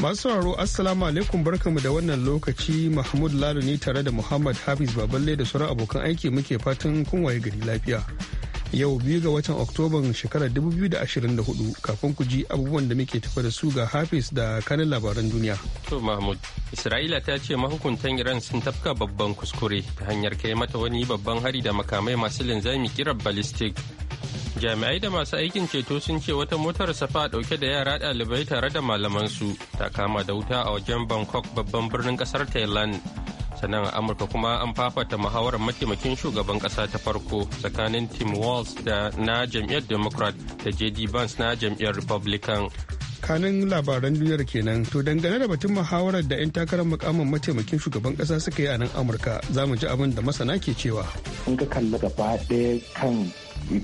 Masu sauraro Assalamu alaikum barkamu da wannan lokaci Mahmud Lalo ne tare da Muhammad Hafiz Baballe da sauran abokan aiki muke fatan kun waye gari lafiya. Yau biyu ga watan Oktoban shekarar 2024 kafin ku ji abubuwan da muke tafa da su ga Hafiz da kanin labaran duniya. To Mahmud, Isra'ila ta ce mahukuntan Iran sun tafka babban kuskure ta hanyar kai mata wani babban hari da makamai masu linzami kirar ballistic jami'ai da masu aikin ceto sun ce wata motar safa dauke da yara ɗalibai tare da malamansu ta kama da wuta a wajen bangkok babban birnin kasar thailand sannan a amurka kuma an fafata muhawarar mataimakin shugaban kasa ta farko tsakanin tim walz da na jam'iyyar democrat da jd vance na jam'iyyar republican kanin labaran duniyar kenan to dangane da batun muhawarar da 'yan takarar mukamin mataimakin shugaban kasa suka yi a nan amurka za mu ji abin da masana ke cewa in ka kalli gaba ɗaya kan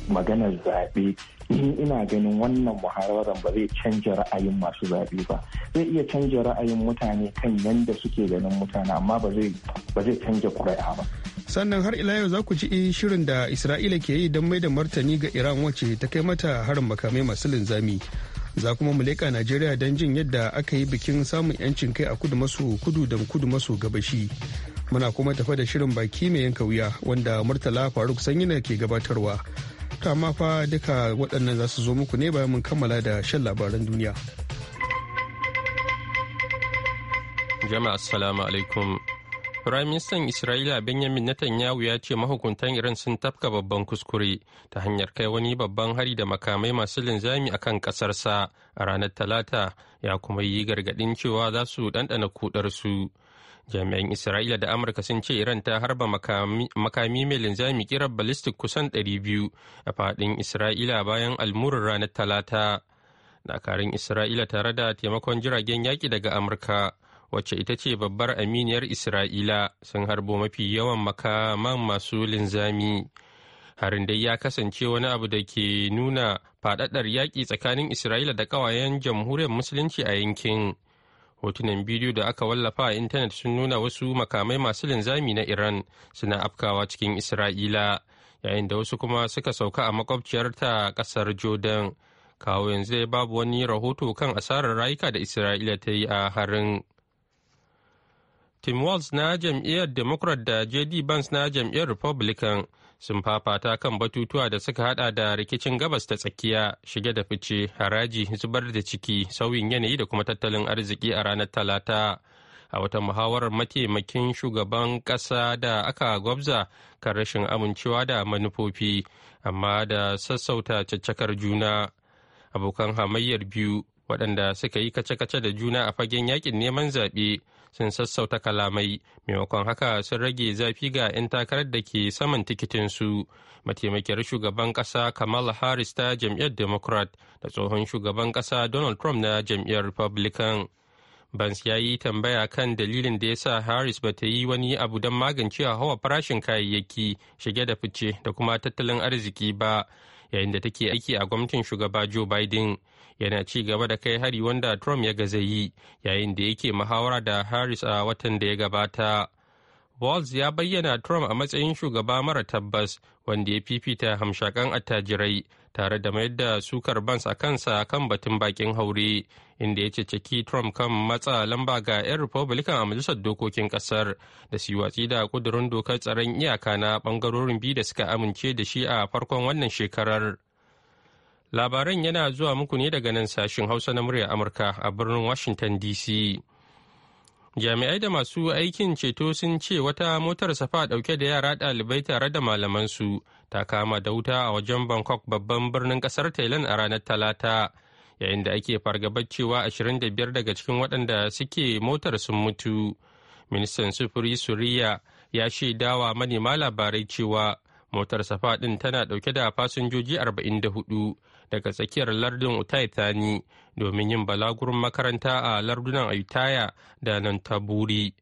maganar zaɓe ni ina ganin wannan muhararan ba zai canja ra'ayin masu zaɓe ba zai iya canja ra'ayin mutane kan yadda suke ganin mutane amma ba zai canja ƙuri'a ba sannan har ila yau za ku ji shirin da isra'ila ke yi don mai da martani ga iran wacce ta kai mata harin makamai masu linzami za kuma mu leƙa najeriya don jin yadda aka yi bikin samun 'yancin kai a kudu maso kudu da kudu maso gabashi muna kuma tafa da shirin baki mai yanka wuya wanda murtala faruk sanyina ke gabatarwa kama fa duka waɗannan za su zo muku ne bayan mun kammala da shan labaran duniya. Jama'a assalamu alaikum. Firaministan Isra'ila Benjamin Netanyahu ya ce mahukuntan Iran sun tafka babban kuskure ta hanyar kai wani babban hari da makamai masu linzami a kan ƙasarsa a ranar Talata ya kuma yi gargaɗin cewa za su ɗanɗana kudarsu. su. jami'an isra'ila da amurka sun ce iran ta harba makami mai linzami kirar ballistic kusan 200 a fadin isra'ila bayan almurin ranar talata dakarun isra'ila tare da taimakon jiragen yaƙi daga amurka wacce ita ce babbar aminiyar isra'ila sun harbo mafi yawan makaman masu linzami harin dai ya kasance wani abu da ke nuna faɗaɗar yaƙi tsakanin isra'ila da ƙawayen jamhuriyar musulunci a yankin hotunan bidiyo da aka wallafa a intanet sun nuna wasu makamai masu linzami na iran suna afkawa cikin isra'ila yayin da wasu kuma suka sauka a makwabciyar ta kasar jordan kawo yanzu dai babu wani rahoto kan asarar rayuka da isra'ila ta yi a harin tim walz na jam'iyyar democrat da jd banks na jam'iyyar republican sun fafata kan batutuwa da suka hada da rikicin gabas ta tsakiya shige da fice haraji zubar da ciki sauyin yanayi da kuma tattalin arziki a ranar talata a wata muhawarar mataimakin shugaban ƙasa da aka gwabza kan rashin amincewa da manufofi amma da sassauta caccakar juna abokan hamayyar biyu waɗanda suka yi kace-kace da juna a fagen yakin neman zaɓe sun sassauta kalamai maimakon haka sun rage zafi ga 'yan takarar da ke saman tikitinsu mataimakiyar shugaban kasa kamal harris ta jam'iyyar democrat da tsohon shugaban kasa donald trump na jam'iyyar republican Bans ya yi tambaya kan dalilin da ya sa Harris ba ta yi wani abu don magance hawa farashin kayayyaki shige da fice da kuma tattalin arziki ba yayin da take aiki a gwamnatin shugaba Joe Biden. yana ci gaba da kai hari wanda Trump ya gaza yi yayin da yake muhawara da Harris a watan da ya gabata. Walz ya bayyana Trump a matsayin shugaba mara tabbas wanda ya fifita hamshakan attajirai tare da mayar da sukar bans a kansa kan batun bakin haure inda ya ceceki Trump kan matsa lamba ga 'yan Republican a majalisar dokokin kasar da su watsi da kudurin dokar tsaron iyaka na bangarorin biyu da suka amince da shi a farkon wannan shekarar. Labaran yana zuwa muku ne daga nan sashin Hausa na murya Amurka a birnin Washington DC. Jami'ai da masu aikin ceto sun ce wata motar safa ɗauke da yara ɗalibai tare da malamansu ta kama da wuta a wajen Bangkok babban birnin ƙasar Thailand a ranar Talata. Yayin da ake fargabar cewa 25 daga cikin waɗanda suke motar sun mutu. Ministan sufuri Suriya ya shaidawa manema labarai cewa motar safa ɗin tana ɗauke da fasinjoji 44 daga tsakiyar lardin utaitani domin yin balagurin makaranta a lardunan Aitaya da nan taburi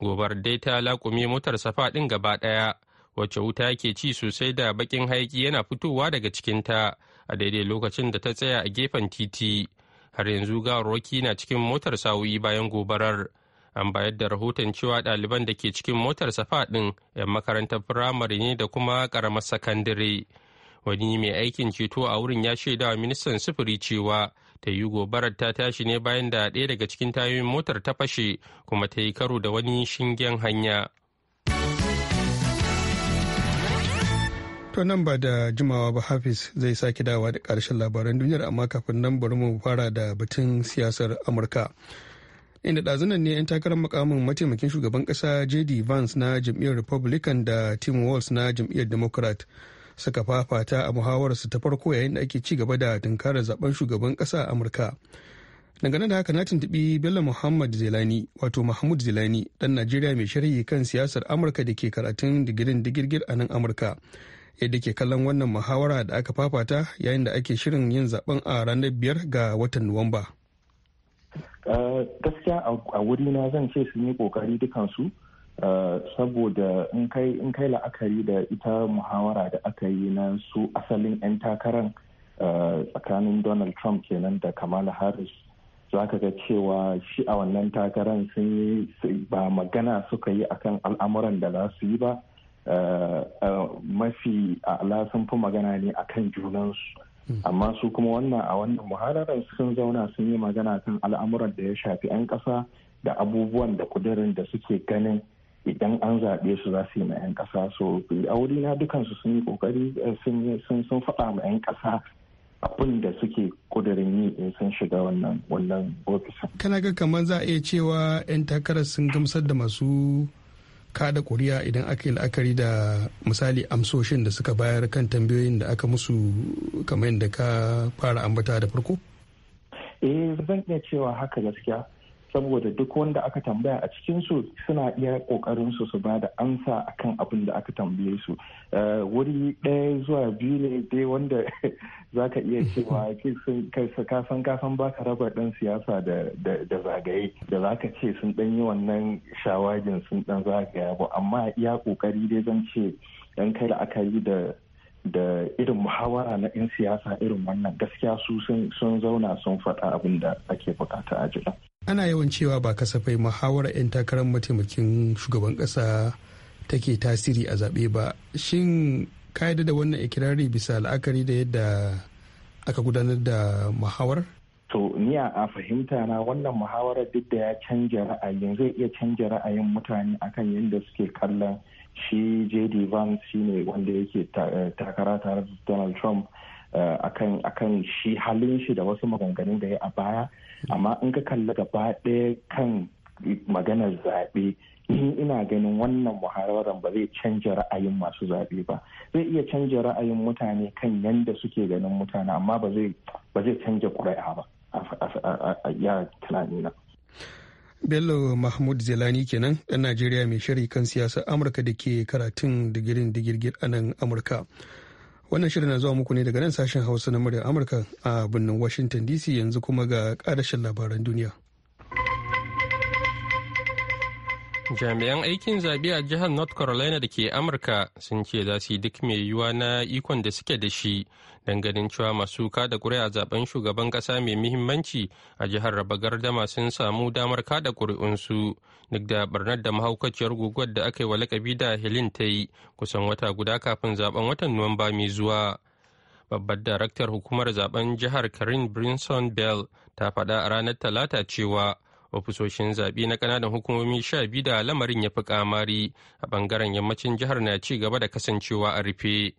gobar dai ta laƙumi motar safa ɗin gaba ɗaya wacce wuta ke ci sosai da baƙin haiki yana fitowa daga cikinta a daidai lokacin da ta tsaya a gefen titi har yanzu gawarwaki na cikin motar sa'o'i bayan gobarar an bayar da rahoton cewa ɗaliban da ke cikin motar safa ɗin 'yan makarantar firamare ne da kuma ƙaramar sakandare wani mai aikin ceto a wurin ya shaida ministan sufuri cewa ta yi gobarar ta tashi ne bayan da ɗaya daga cikin tayoyin motar ta fashe kuma ta yi karo da wani shingen hanya to nan ba da jimawa ba hafiz zai sake dawa da ƙarshen labaran duniyar amma kafin nan bari mu fara da batun siyasar amurka inda ɗazunan ne 'yan takarar makamin mataimakin shugaban ƙasa jd vance na jam'iyyar republican da tim walz na jam'iyyar democrat suka fafata a muhawararsu ta farko yayin da ake ci gaba da tunkarar zaben shugaban ƙasa a amurka dangane da haka na tuntubi bello muhammad zelani wato mahmud zelani ɗan najeriya mai sharhi kan siyasar amurka da ke karatun digirin digirgir a nan amurka yadda ke kallon wannan muhawara da aka fafata yayin da ake shirin yin zaben a ranar biyar ga watan nuwamba. Eh, gaskiya a wuri na zan ce sun yi kokari dukansu eh, saboda in kai la'akari da ita muhawara da aka yi na su asalin 'yan takarar eh, tsakanin donald trump kenan da kamala harris za ka ga cewa shi a wannan takarar sun yi ba magana suka yi akan al'amuran da za su yi ba mafi ala sun fi magana ne akan junansu amma su kuma wannan a wannan muhararar sun zauna sun yi magana kan al'amuran da ya shafi 'yan ƙasa da abubuwan da kudirin da suke ganin idan an zaɓe su za su yi ma 'yan ƙasa so aure na dukansu sun yi ƙoƙari eh, sun faɗa ma 'yan ƙasa abin da suke kudirin yi in sun shiga wannan wannan ofishin. kana ga kamar za a iya cewa 'yan takarar sun gamsar da masu kada kuri'a idan aka yi la'akari da misali amsoshin da suka bayar kan tambayoyin da aka musu kamar yadda ka fara ambata da farko? eh zan iya cewa haka gaskiya saboda duk wanda aka tambaya a cikin su suna iya kokarin su su bada amsa akan abin da aka tambaye su eh, wuri ɗaya zuwa biyu ne dai wanda zaka iya cewa kasan kasan ba ka raba ɗan siyasa da zagaye da zaka ce sun ɗan yi wannan shawagin sun ɗan zagaya ba amma iya kokari dai zan ce dan kai la'akari da da irin muhawara na 'yan siyasa irin wannan gaskiya su sun zauna sun faɗa abin da ake bukata a jira. ana yawan cewa ba kasafai muhawarar 'yan takarar mataimakin shugaban kasa take tasiri a zaɓe ba shin ka da wannan ikirari bisa la'akari da yadda aka gudanar da muhawarar to ni a fahimta na wannan muhawarar duk da ya canja ra'ayin zai iya canja ra'ayin mutane akan yadda suke kallon shi jd vance shine wanda yake eh, takara tare da donald trump eh, akan shi halin shi da wasu maganganun da ya a baya amma in ka kalli gaba ɗaya kan maganar zaɓe ni ina ganin wannan muhararar ba zai canja ra'ayin masu zaɓe ba zai iya canja ra'ayin mutane kan yadda suke ganin mutane amma ba zai canja ƙuri'a ba a tunani na Bello Mahmud Zelani kenan ɗan Najeriya mai shari kan siyasar Amurka da ke karatun digirin digirgir a nan Amurka. Wannan shirin na zuwa muku ne daga nan sashen Hausa na muryar Amurka a birnin Washington DC yanzu kuma ga ƙarashin labaran duniya. jami'an aikin zaɓe a jihar north carolina da ke amurka sun ce za su yi duk mai yiwuwa na ikon da suke da shi ganin cewa masu kada kuri'a zaben shugaban ƙasa mai muhimmanci a jihar raba gardama sun samu damar kada kuri'unsu duk da barnar da mahaukaciyar guguwar da aka yi wa lakabi da helin ta yi kusan wata guda kafin zaben watan nuwamba mai zuwa babbar daraktar hukumar zaben jihar karin brinson bell ta faɗa a ranar talata cewa ofisoshin zaɓe na ƙananan hukumomi sha biyu da lamarin ya fi kamari a ɓangaren yammacin jihar na ci gaba da kasancewa a rufe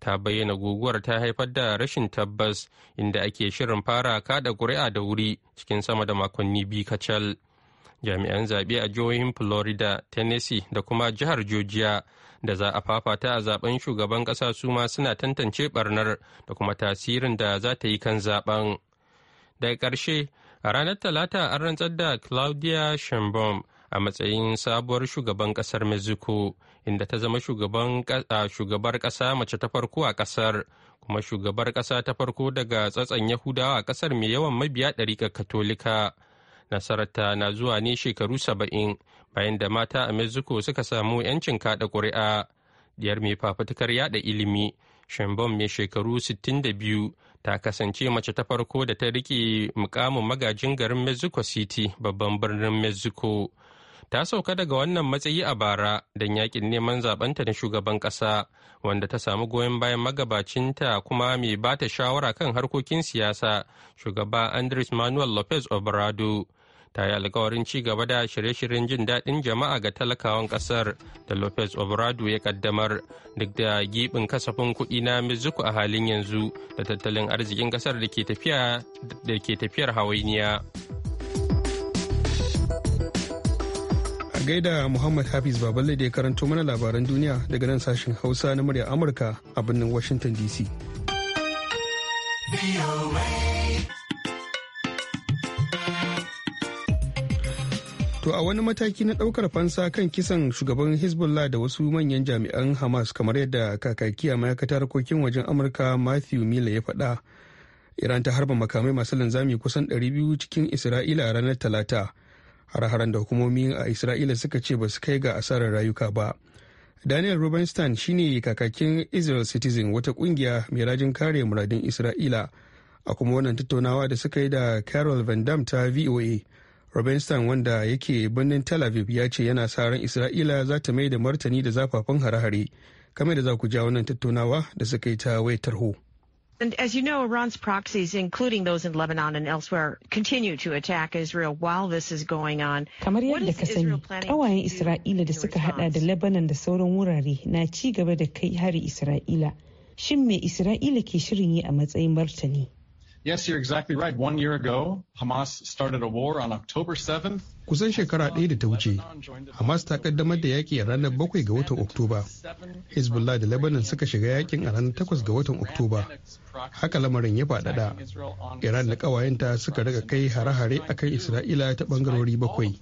ta bayyana guguwar ta haifar da rashin tabbas inda ake shirin fara kada ƙuri'a da wuri cikin sama da makonni biyu kacal jami'an zaɓe a jihohin florida tennessee da kuma jihar georgia da za a fafata a zaben shugaban ƙasa su ma suna tantance barnar da kuma tasirin da za ta yi kan zaben daga ƙarshe A ranar Talata an rantsar da Claudia Sheinbaum a matsayin sabuwar shugaban kasar Mexico, inda ta zama shugabar kasa mace ta farko a kasar, kuma shugabar kasa ta farko daga tsatsan Yahudawa a kasar mai yawan mabiya ɗarika Katolika. Nasararta na zuwa ne shekaru saba'in bayan da mata a Mexico suka samu 'yancin kaɗa ƙuri'a. Diyar mai fafutukar yaɗa ilimi, Sheinbaum mai shekaru 62 ta kasance mace ta farko da ta riƙe mukamin magajin garin mexico city babban birnin mexico ta sauka daga wannan matsayi a bara don yakin neman zabanta na shugaban ƙasa, wanda ta samu goyon bayan magabacinta kuma mai ba ta shawara kan harkokin siyasa shugaba andres manuel lopez obrado ta yi alkawarin ci gaba da shirye-shiryen jin daɗin jama'a ga talakawan ƙasar da lopez obrado ya kaddamar duk da gibin kasafin kuɗi na mizuku a halin yanzu da tattalin arzikin ƙasar da ke tafiyar hawainiya a gaida muhammad hafiz baballe da ya karanto mana labaran duniya daga nan sashen hausa na murya amurka a birnin washington dc To a wani mataki na ɗaukar fansa kan kisan shugaban Hezbollah da wasu manyan jami'an Hamas kamar yadda kakaki a ma'aikatar harkokin wajen Amurka Matthew Miller ya faɗa. Iran ta harba makamai masu linzami kusan 200 cikin Isra'ila ranar Talata. Har-haren da hukumomi a Isra'ila suka ce ba su kai ga asarar rayuka ba. Daniel Rubenstein shine kakakin Israel Citizen wata kungiya mai rajin kare muradin Isra'ila a kuma wannan tattaunawa da suka yi da Carol Van Dam ta VOA. Robinson wanda yake birnin Tel Aviv ya ce yana sa ran Isra'ila za ta mai da martani da zafafan hare-hare. Kame da za ku ja wannan tattaunawa da suka yi ta wayar tarho. And as you know, Iran's proxies, including those in Lebanon and elsewhere, continue to attack Israel while this is going on. Kamar yadda ka sani, kawayen Isra'ila da suka hada da Lebanon da sauran wurare na ci gaba da kai hari Isra'ila. Shin me Isra'ila ke shirin yi a matsayin martani? Kusan shekara ɗaya da ta wuce, Hamas ta kaddamar da yaƙi a ranar bakwai ga watan Oktoba. Hezbollah da Lebanon suka shiga yaƙin a ranar takwas ga watan Oktoba. Haka lamarin ya faɗaɗa. Iran da ƙawayenta suka riga kai hare-hare a kan Isra'ila ta ɓangarori bakwai.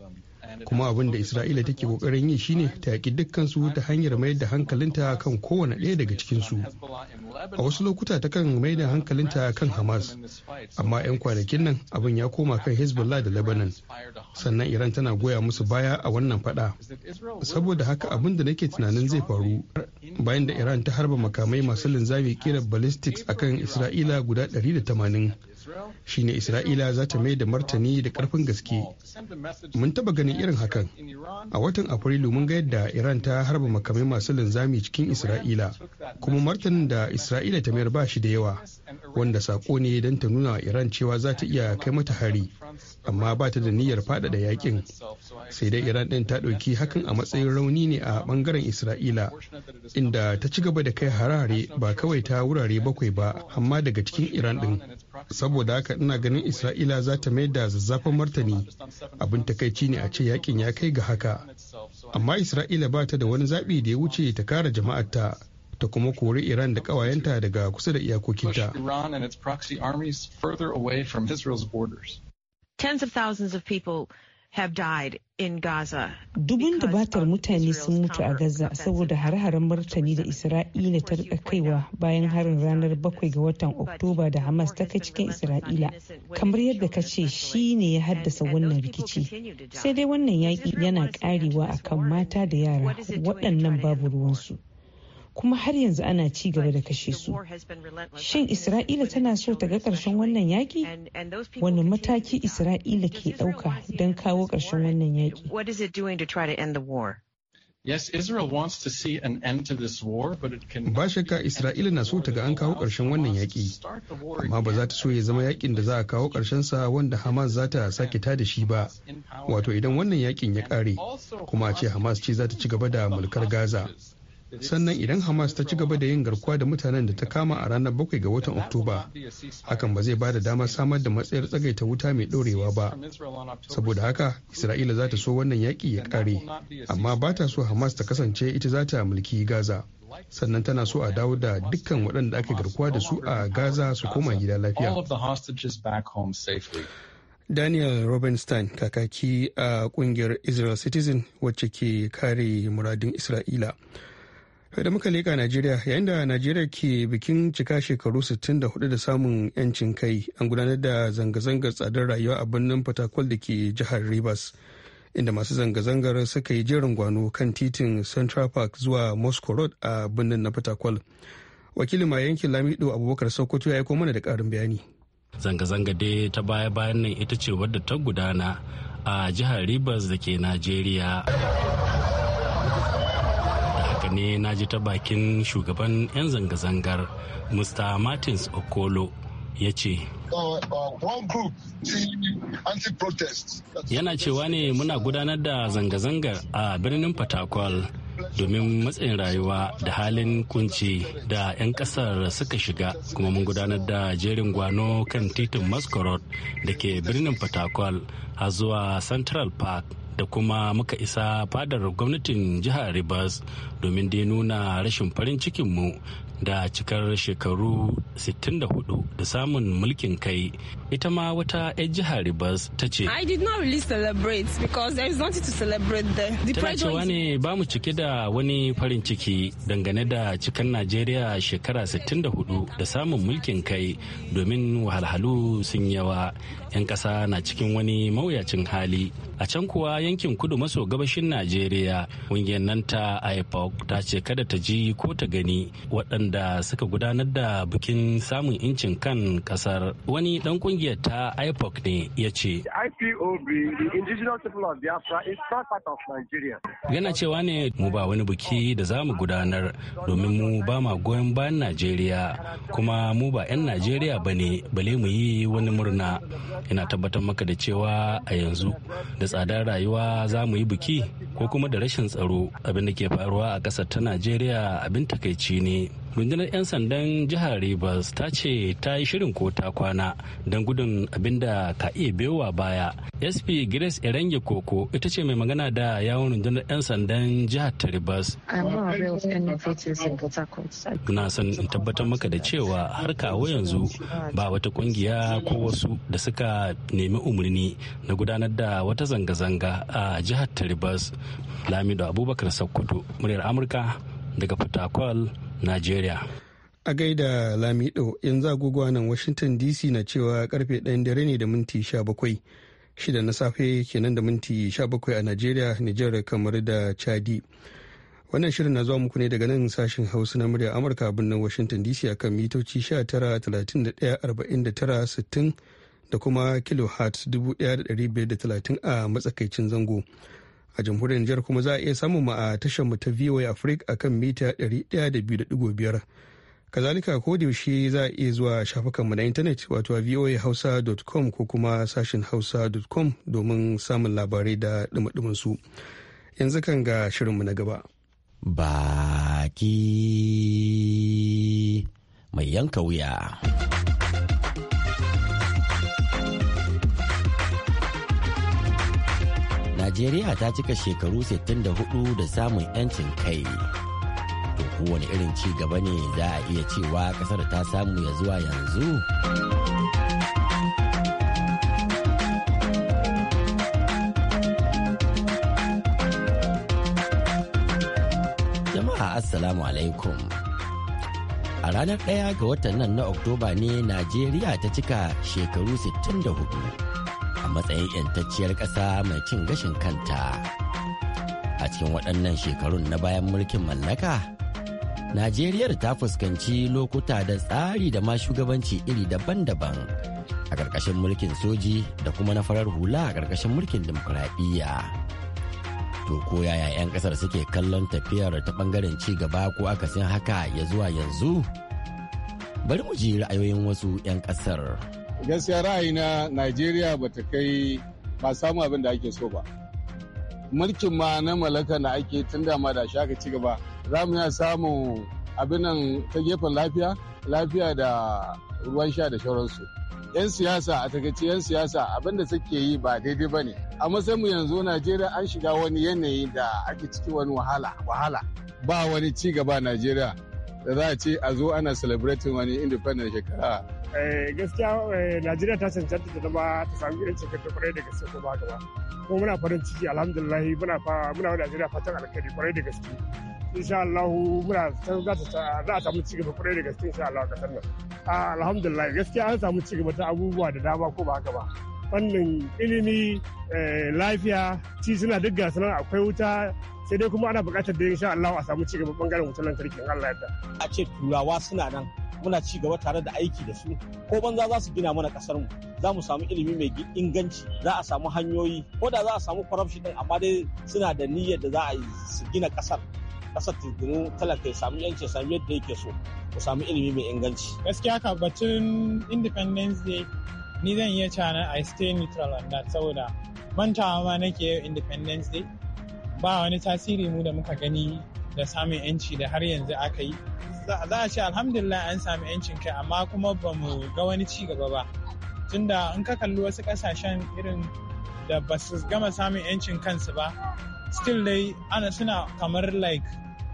kuma abin da isra'ila take kokarin yi shine ta dukkan dukkansu ta hanyar mai da hankalinta kan kowane ɗaya daga cikin su a wasu lokuta ta kan mai da hankalinta kan hamas amma 'yan kwanakin nan abin ya koma kan hezbollah da lebanon sannan iran tana goya musu baya a wannan fada saboda haka abin da nake tunanin zai faru bayan da iran ta harba makamai masu linzami kira ballistics akan isra'ila guda 180 shine isra'ila za ta mai da martani da karfin gaske mun taba ganin irin hakan a watan afrilu mun ga yadda iran ta harba makamai masu linzami cikin isra'ila kuma martanin da isra'ila ta mayar ba shi da yawa wanda sako ne don ta nuna iran cewa za ta iya kai mata hari amma ba ta da niyyar faɗaɗa yakin sai dai iran ɗin ta ɗauki hakan a matsayin rauni ne a ɓangaren isra'ila inda ta ci gaba da kai harare ba kawai ta wurare bakwai ba amma daga cikin iran ɗin saboda haka ina ganin isra'ila za ta mai da zazzafan martani abin takaici ne a ce yakin ya kai ga haka amma isra'ila ba ta da wani zaɓi da ya wuce ta kara jama'arta ta kuma kori iran da ƙawayenta daga kusa da iyakokinta Tens of thousands of people have died in Gaza. Dubun dubatar mutane sun mutu a Gaza saboda hare-haren martani da Isra'ila ta rika kaiwa bayan harin ranar 7 ga watan Oktoba da Hamas ta kai cikin Isra'ila. Kamar yadda ka ce shi ne ya haddasa wannan rikici. Sai dai wannan yaƙi yana ƙarewa akan mata da yara waɗannan babu ruwansu. kuma har yanzu ana ci gaba da kashe su shin isra'ila tana so ta ga ƙarshen wannan yaƙi wannan mataki isra'ila ke ɗauka don kawo ƙarshen wannan yaƙi Yes, Israel wants to see an end to this war, but it can Ba shakka Isra'ila na so ta ga an kawo ƙarshen wannan yaƙi. Amma ba za ta so ya zama yaƙin da za a kawo ƙarshen sa wanda Hamas za ta sake ta da shi ba. Wato idan wannan yaƙin ya ƙare, kuma a ce Hamas ce za ta ci gaba da mulkar Gaza. sannan idan hamas ta ci gaba da yin garkuwa da mutanen da ta kama a ranar 7 ga watan oktoba hakan ba zai ba da damar samar da matsayar tsagaita wuta mai ɗorewa ba saboda haka isra'ila za ta so wannan yaƙi ya ƙare amma ba ta so hamas ta kasance ita za ta mulki gaza sannan tana so a dawo da dukkan waɗanda aka garkuwa da su a gaza su koma gida lafiya daniel robinstein kakaki a ƙungiyar kungiyar israel citizen wacce ke kare muradin isra'ila da muka leka najeriya yayin da najeriya ke bikin cika shekaru 64 da samun 'yancin kai an gudanar da zanga-zangar tsadar rayuwa a birnin fatakwal da ke jihar rivers inda masu zanga-zangar suka yi jerin gwano kan titin central park zuwa moscow road a birnin na fatakwal wakilin ma yankin lamido abubakar sokoto ya ko mana da karin bayani zanga-zanga dai ta baya-bayan nan ita ce wadda ta gudana a jihar rivers da ke najeriya ne na ji ta bakin shugaban 'yan zanga-zangar mr martins okolo ya ce uh, uh, yana cewa ne muna gudanar da zanga-zangar a birnin fatakwal domin matsayin rayuwa da halin kunci da 'yan kasar suka shiga kuma mun gudanar da jerin gwano kan titin masquerade da ke birnin fatakwal a zuwa central park da kuma muka isa fadar gwamnatin jihar Rivers domin dai nuna rashin farin cikinmu da cikar shekaru 64 da samun mulkin kai ita ma wata 'yar jihar Rivers ta ce. I did not really celebrate because there is nothing to celebrate there. Tana cewa ne ba mu cike da wani farin ciki dangane da cikan Najeriya shekara 64 da samun mulkin kai domin wahalhalu sun yawa. 'Yan ƙasa na cikin wani mawuyacin hali. A can kuwa yankin kudu maso gabashin Najeriya, ƙungiyar nan ta IPOC ta ce kada ta ji ko ta gani waɗanda suka gudanar da bikin samun incin kan ƙasar. Wani ɗan ƙungiyar kungiyar ta IPOC ne ya ce. IPOB, Yana cewa ne mu ba wani biki da za mu gudanar domin mu ba ma goyon bayan Najeriya kuma mu ba 'yan Najeriya ba ne bale mu yi wani murna. Ina tabbatar maka da cewa a yanzu da tsadar rayuwa za mu yi biki ko kuma da rashin tsaro abin da ke faruwa a ƙasar ta Najeriya abin takaici ne. rundunar 'yan sandan jihar rivers ta ce ta yi shirin ko ta kwana don gudun abinda da ka iya bewa baya sp grace erenge koko ita ce mai magana da yawon rundunar 'yan sandan jihar ta rivers na son in tabbatar maka da cewa har kawo yanzu ba wata kungiya ko wasu da suka nemi umarni na gudanar da wata zanga-zanga a jihar ta rivers lamido abubakar sokoto muryar amurka daga fatakwal Najeriya. A gaida Lamido yan agogo nan Washington DC na cewa karfe ɗayan dare ne da minti bakwai. Shida na safe kenan da minti bakwai a Najeriya, Nijar kamar da Chadi. Wannan shirin na zuwa muku ne daga nan sashen Hausa na murya Amurka birnin Washington DC akan mitoci 19, da kuma kilohertz 1530 a matsakaicin zango. a jamhuriyar Nijar kuma za a iya samun mu a tashar mu ta VOA Africa akan mita 102.5 kazalika ko da yaushe za a iya zuwa shafukan mu na intanet wato voahausa.com ko kuma sashin hausa.com domin samun labarai da dumadumin su yanzu kan ga shirin mu na gaba baki mai yanka wuya najeriya ta cika shekaru 64 da samun 'yancin kai to kowane irin ci gaba ne za a iya cewa kasar ta samu ya zuwa yanzu jama'a assalamu alaikum a ranar ɗaya ga watan nan na oktoba ne najeriya ta cika shekaru 64 matsayin 'yantacciyar ƙasa mai cin gashin kanta a cikin waɗannan shekarun na bayan mulkin mallaka najeriyar ta fuskanci lokuta da tsari da ma shugabanci iri daban-daban a ƙarƙashin mulkin soji da kuma na farar hula a ƙarƙashin mulkin dimokuraɗiyya to ko yaya 'yan ƙasar suke kallon tafiyar ta ɓangaren ci gaba ko akasin haka ya zuwa yanzu bari mu ji ra'ayoyin wasu 'yan ƙasar. gaskiya na najeriya ba ta kai ba samu abin da ake so ba mulkin ma na mallaka na ake tun da ma da shi aka ci gaba za mu ya samu abin nan ta gefen lafiya lafiya da ruwan sha da shauransu yan siyasa a takaice yan siyasa abin da suke yi ba daidai ba ne a mu yanzu najeriya an shiga wani yanayi da ake ciki wani wahala wahala ba wani ci gaba najeriya da za a ce a zo ana celebrating wani independent shekara Eh, gaskiya eh, najeriya ta cancanta da zama ta sami irin cikin kwarai da gaske ko ba gaba kuma muna farin ciki alhamdulillah muna fa muna wa najeriya fatan alkhairi kwarai da gaske insha Allah muna san za ta za a samu ci gaba kwarai da gaske insha Allah kasar nan alhamdulillah gaskiya an samu ci gaba ta abubuwa da dama ko ba gaba ba fannin ilimi eh, lafiya ci suna duk gasu nan akwai wuta sai dai kuma ana buƙatar da insha Allah a samu ci gaba bangaren wutar lantarki Allah ya yarda a ce turawa suna nan muna ci gaba tare da aiki da su ko banza za su gina mana kasar mu za mu samu ilimi mai inganci za a samu hanyoyi ko da za a samu corruption din amma dai suna da niyyar da za a su gina kasar kasar tuntunu talaka ya samu yanci sami yadda yake so ku samu ilimi mai inganci gaskiya ka batun independence day ni zan iya cana i stay neutral on that saboda mantawa ma nake independence day ba wani tasiri mu da muka gani da samun yanci da har yanzu aka yi za a ce alhamdulillah an sami yancin kai amma kuma ba mu ga wani ci gaba ba tunda in ka kalli wasu kasashen irin da ba su gama samun yancin kansu ba still dai ana suna kamar like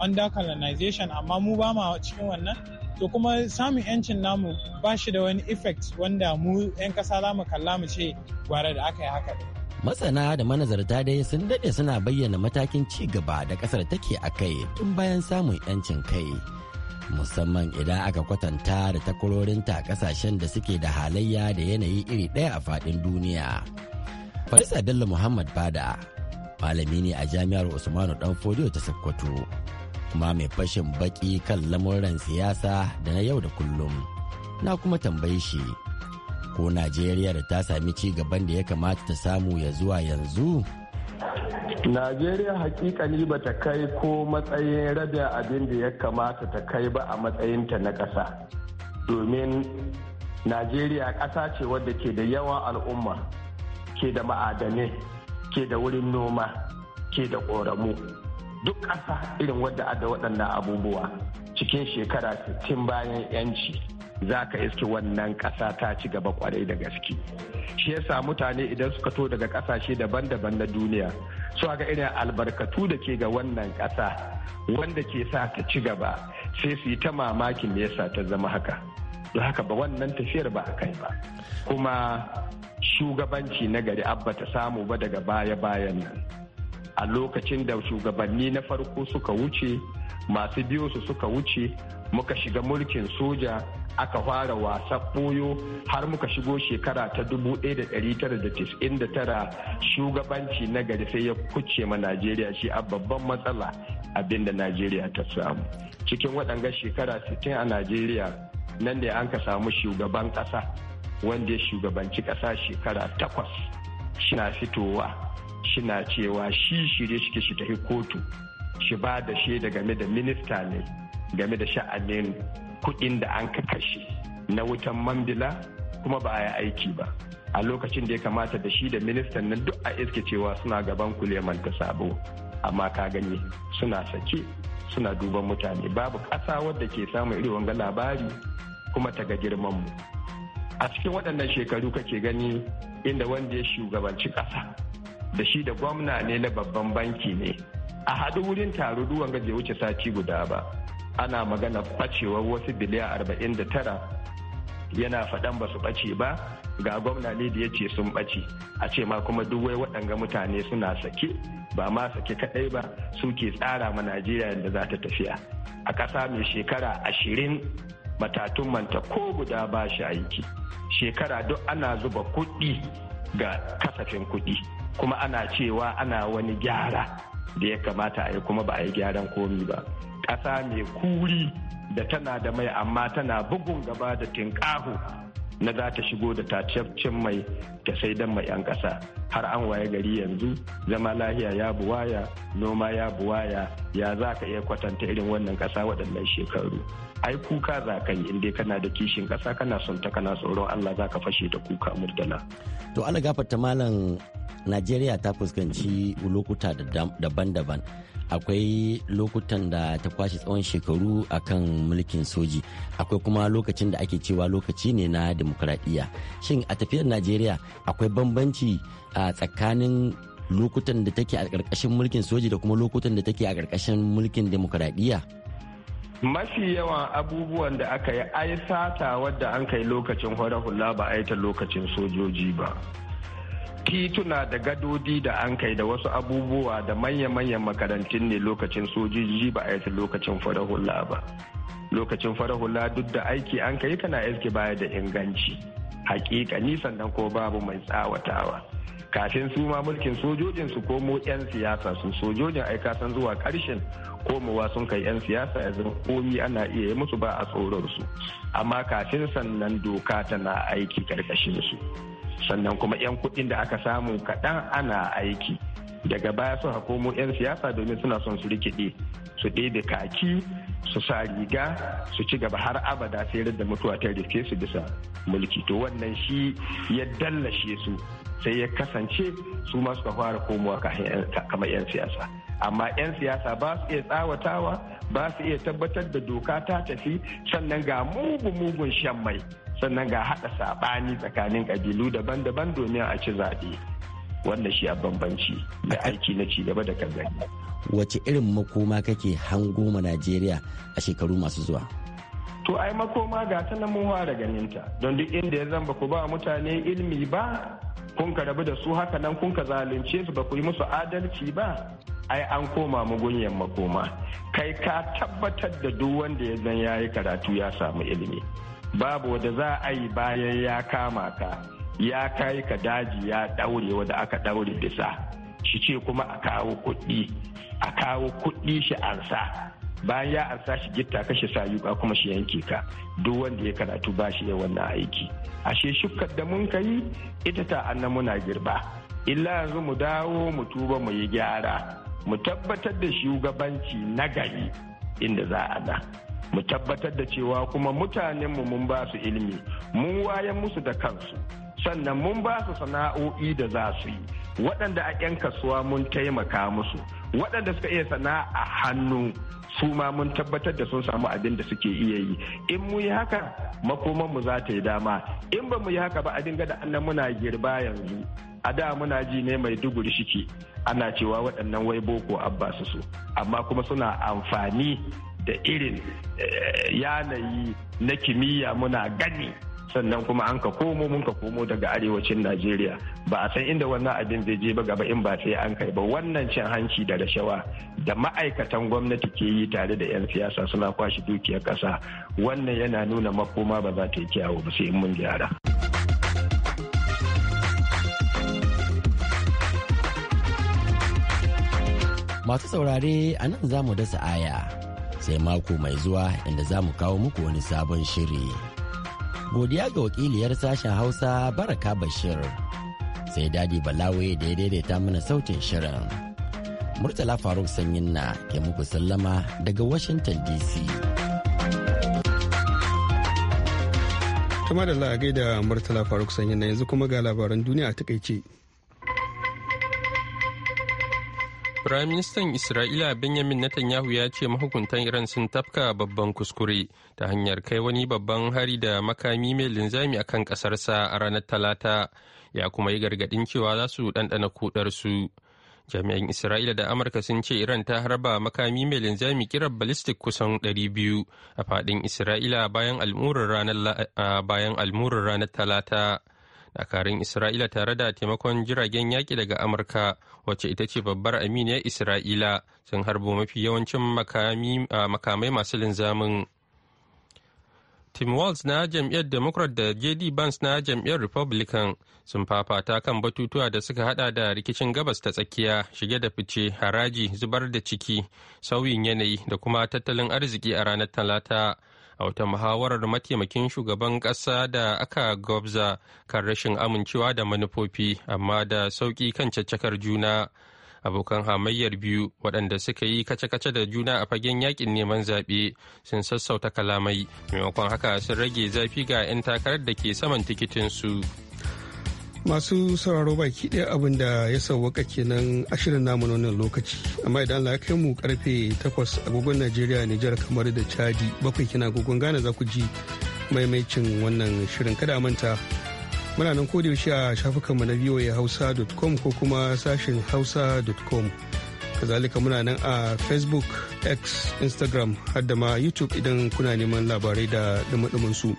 under colonization amma mu ba ma cikin wannan to kuma samun yancin namu ba shi da wani effect wanda mu 'yan kasa za mu kalla mu ce gwara da aka yi haka masana da manazarta dai sun daɗe suna bayyana matakin ci gaba da ƙasar take a kai tun bayan samun 'yancin kai musamman idan aka kwatanta da takwarorinta ƙasashen da suke da halayya da yanayi iri ɗaya a faɗin duniya farisa bello muhammad bada malami ne a jami'ar usmanu dan fodiyo ta sokoto kuma mai fashin baki kan lamuran siyasa da na yau da kullum na kuma tambaye shi ko najeriya da ta sami ci gaban da ya kamata ta samu ya zuwa yanzu najeriya hakikani ba ta kai ko matsayin rada abin da ya kamata ta kai ba a matsayinta na ƙasa domin najeriya ƙasa ce wadda ke da yawan al'umma ke da ma'adane, ke da wurin noma ke da ƙoramu duk ƙasa irin wadda ada waɗannan abubuwa cikin shekara 60 bayan 'yanci za ka iske wannan ƙasa ta ci gaba kwarai da gaske shi yasa mutane idan suka to daga ƙasashe daban-daban na duniya su ga irin albarkatu da ke ga wannan ƙasa wanda ke sa ta ci gaba sai su yi ta mamakin me yasa ta zama haka don haka ba wannan tafiyar ba a kai ba kuma shugabanci na gari abba ta samu ba daga baya-bayan nan a lokacin da shugabanni na farko suka wuce masu biyo su suka wuce muka shiga mulkin soja aka fara wasa boyo har muka shigo shekara ta 1999 shugabanci na gari sai ya kuce ma najeriya shi a babban matsala abinda najeriya ta samu cikin waɗanga shekara 60 a najeriya nan ne an ka samu shugaban ƙasa wanda ya shugabanci ƙasa shekara takwas shina fitowa shina cewa shi shirye shi tafi kotu shi ba da shi game da minista ne game da sha'anin kuɗin da an ka kashe na wutan mambila kuma ba a yi aiki ba a lokacin da ya kamata da shi da ministan nan duk a iske cewa suna gaban kuleman ta sabo amma ka gani suna sake suna duban mutane babu ƙasa wadda ke samun irin wanga labari kuma ta ga girman mu a cikin waɗannan shekaru kake gani inda wanda ya shugabanci ƙasa da shi da gwamna ne na babban banki ne a haɗu wurin taro duwan ga wuce sati guda ba ana magana bacewar wasu biliya arba'in da tara yana faɗan ba su ɓace ba ga gwamna ne da ya ce sun ɓace a ce ma kuma duk wai waɗanga mutane suna sake ba ma sake kaɗai ba su ke tsara ma najeriya yadda za ta tafiya a ƙasa mai shekara ashirin matatun manta ko guda ba shi aiki shekara duk ana zuba kuɗi ga kasafin kuɗi kuma ana cewa ana wani gyara da ya kamata a yi kuma ba a yi gyaran komi ba ƙasa mai kuri da tana da mai amma tana bugun gaba da tinkahu na za ta shigo da taciyar mai ta sai dan mai 'yan ƙasa har an waye gari yanzu zama lahiya ya buwaya noma ya buwaya ya za ka iya kwatanta irin wannan ƙasa waɗannan shekaru ai kuka za ka yi inda kana da kishin ƙasa kana son ta kana tsoron allah za ka fashe ta kuka murtala. to ana gafarta malam najeriya ta fuskanci lokuta daban-daban akwai lokutan da ta kwashe tsawon shekaru a kan mulkin soji akwai kuma lokacin da ake cewa lokaci ne na demokuraɗiyya shin a tafiyar najeriya akwai bambanci a tsakanin lokutan da take a ƙarƙashin mulkin soji da kuma lokutan da take a ƙarƙashin mulkin demokuraɗiyya mafi yawan abubuwan da aka yi ai sata wadda an kai lokacin hula ba a yi ta lokacin sojoji ba tituna da gadodi da an kai da wasu abubuwa da manya-manyan makarantun ne lokacin sojoji ba a yi lokacin farahula ba lokacin farahula duk da aiki an kai kana iske baya da inganci hakika nisan sannan ko babu mai tsawatawa kafin su ma mulkin sojojin su komo 'yan siyasa su sojojin ai san zuwa karshen komowa sun kai 'yan siyasa yanzu komi ana iya yi musu ba a tsoron su amma kafin sannan doka tana aiki karkashin su sannan kuma 'yan kuɗin da aka samu kaɗan ana aiki daga baya sun komo 'yan siyasa domin suna son su rikide su ɗebe kaki su sa riga su ci gaba har abada sai da mutuwa ta rike su bisa mulki to wannan shi ya dallashe su sai ya kasance su ma suka fara komowa kamar 'yan siyasa amma 'yan siyasa ba su iya tsawatawa ba su iya tabbatar da doka ta tafi sannan ga mugun mugun shan mai sannan ga haɗa saɓani tsakanin ƙabilu daban-daban domin a ci zaɓe wannan shi a bambanci da aiki na ci gaba da kazani. wace irin makoma kake hango ma najeriya a shekaru masu zuwa to ai makoma ga ta nan mun ganinta don duk inda ya zamba ku ba mutane ilmi ba kun ka rabu da su haka nan kun ka zalunce su ba ku yi musu adalci ba ai an koma mugunyan makoma kai ka tabbatar da duk wanda ya zan yayi karatu ya samu ilimi babu wadda za a yi bayan ya kama ka ya kai ka daji ya daure wadda aka daure bisa shi ce kuma a kawo kuɗi a kawo kuɗi shi ansa bayan ya ansa shi gitta kashe yuka kuma shi yanke ka duk wanda ya karatu ba shi ya wannan aiki ashe shukar da mun kai ita ta annan muna girba illa yanzu mu dawo mu tuba mu yi gyara mu tabbatar da shugabanci na gari inda za a na mu tabbatar da cewa kuma mutanenmu mun ba su ilimi mun wayan musu da kansu sannan mun ba su sana'o'i da za su yi waɗanda a 'yan kasuwa mun taimaka musu waɗanda suka iya sana'a a hannu su ma mun tabbatar da sun samu abin da suke iya yi in mu yi haka makoman mu za ta yi dama in ba mu yi haka ba a dinga da annan muna girba yanzu a da muna ji ne mai duguri shike ana cewa waɗannan wai boko abba su so amma kuma suna amfani da irin eh, yanayi na kimiyya muna gani sannan kuma an ka komo mun ka komo daga arewacin najeriya ba a san inda wannan abin zai je ba gaba in ba sai an kai ba wannan cin hanci da rashawa da ma'aikatan gwamnati ke yi tare da 'yan siyasa suna kwashe dukiyar kasa wannan yana nuna makoma ba za ta yi kyawu ba sai in mun gyara. masu saurare a nan za mu dasa aya sai mako mai zuwa inda za mu kawo muku wani sabon shiri. Godiya ga wakiliyar sashen Hausa Baraka Bashir. Sai Dadi Balawe da ya daidaita mana sautin shirin. Murtala Faruk Sanyin na ke muku sallama daga Washington DC. Tuma da la'agai da Murtala Faruk Sanyin na yanzu kuma ga labaran duniya a takaice. Firaministan Isra'ila Benjamin Netanyahu ya ce mahukuntan Iran sun tafka babban kuskure ta hanyar kai wani babban hari da makami mai linzami a kan ƙasarsa a ranar Talata ya kuma yi gargaɗin cewa za su ɗanɗana kudarsu. Jami'an Isra'ila da Amurka sun ce Iran ta harba makami mai linzami kirar ballistic kusan 200 a faɗin Isra'ila bayan almurar ranar Talata. dakarun isra'ila tare da taimakon jiragen yaƙi daga amurka wacce ita ce babbar aminiyar isra'ila sun harbo mafi yawancin ah, makamai masu linzamin tim walz na jam'iyyar democrat da jd vance na jam'iyyar republican sun fafata kan batutuwa da suka hada da rikicin gabas ta tsakiya shige da fice haraji zubar da ciki sauyin yanayi da kuma tattalin arziki a ranar talata a wata muhawarar mataimakin shugaban ƙasa da aka gwabza kan rashin amincewa da manufofi amma da sauƙi kan caccakar juna abokan hamayyar biyu waɗanda suka yi kace-kace da juna a fagen yakin neman zaɓe sun sassauta kalamai maimakon haka sun rage zafi ga 'yan takarar da ke saman tikitinsu. su masu sauraro baki ɗaya abin da ya sauwaka kenan ashirin namu wannan lokaci amma idan Allah ya kai mu karfe 8 agogon Najeriya Nijar kamar da Chadi bakwai kina agogon Ghana za ku ji maimaicin wannan shirin kada manta muna nan ko yaushe a shafukanmu na voa hausa.com ko kuma sashin hausa.com kazalika muna nan a facebook x instagram har da ma youtube idan kuna neman labarai da dumadumin su.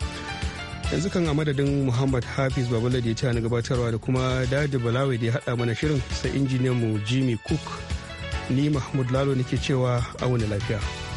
yanzu kan a madadin muhammad hafiz babalade ya ce na gabatarwa da kuma dadi balawai da ya hada mana shirin sai mu jimmy cook ni mahmud lalo nake cewa a wani lafiya.